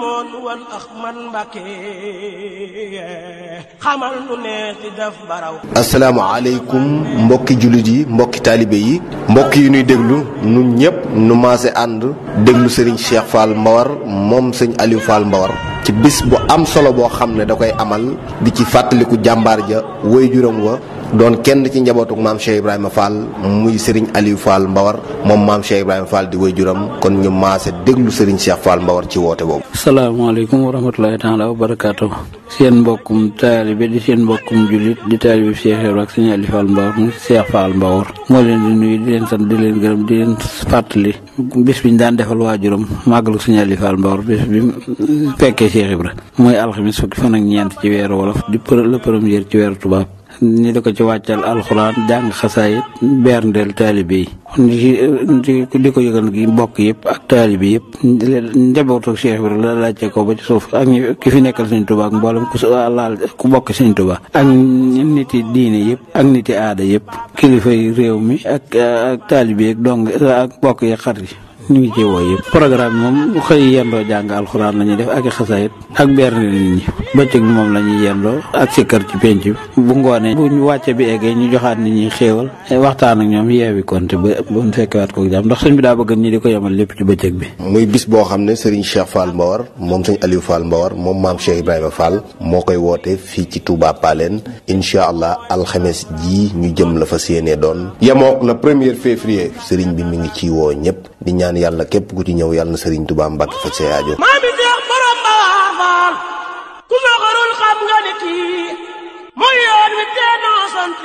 demoon wan mbokki jullit yi mbokki taalibe yi mbokk yi ñuy déglu ñun ñëpp nu maase ànd déglu Serigne Cheikh Fall Mbawar moom sëñ Aliou Fall Mbawar. ci bis bu am solo boo xam ne da koy amal di ci fàttaliku jàmbaar ja woy juróom wa doon kenn ci njabootuk maam Cheikh Ibrahima Fall muy Serigne Aliou Fall Mbawar moom maam Cheikh Ibrahima Fall di woy juróom kon ñu maase déglu Serigne Cheikh Fall Mbawar ci woote boobu. salaamaaleykum wa rahmatulahi taala wa barakaatu. seen mbokkum taalibe di seen mbokkum jullit di taalibe Cheikh Ibrahima ak Serigne Aliou Fall Mbawar muy Cheikh Fall Mbawar. moo leen di nuyu di leen sant di leen gërëm di leen fàttali bis ñu daan defal waajuram màggalu Sëriñ Aliou Fall Mbawar bis bi fekkee Cheikh mooy alxamis fukki fan ak ñeent ci weeru wolof di le premier ci weeru tubaab ni di ko ci wàccal alxuraan jàng xasaayit berndeel taalibe yi di di ko yëgal gi mbokk yëpp ak taalibe yëpp njabootu Cheikh bi la laajte ko ba ci suuf ak ki fi nekkal Sëñ Tuubaa ak mboolem ku laal ku bokk Sëñ Tuubaa ak nit yi diine yëpp ak niti aada yëpp kilifa réew mi ak ak taalibe yi ak dong ak mbokk yi ñu ngi ciy woo yëpp programme bi moom xëy yendoo jàng alxuraan la ñuy def ak i xasaayit ak mberne nit ñi moom la ñuy yendoo ak si kër ci penc bi bu ngoonee bu wàcce bi eggee ñu joxaat nit ñi xéewal waxtaan ak ñoom yeewi konte ba ba mu fekkewaat ko jàmm ndax sëñ bi daa bëgg ñi di ko yemal lépp ci bëccëg bi muy bis boo xam ne sëriñ Cheikh Fall Mbawar moom sëñ Aliou Fall Mbawar moom maam Cheikh Ibrahima Fall moo koy woote fii ci Touba Paleen incha allah alxames ji ñu jëm la fa séenee doon yemook la premier février sëriñ bi mu ngi ci woo ñëpp di ñaan yàlla képp ku ci ñëw yàlla na tubaam Touba Mbacke faj maami Seex borom Bawal ku soxorul xam nga ni kii mooy yoon wi tee noo sant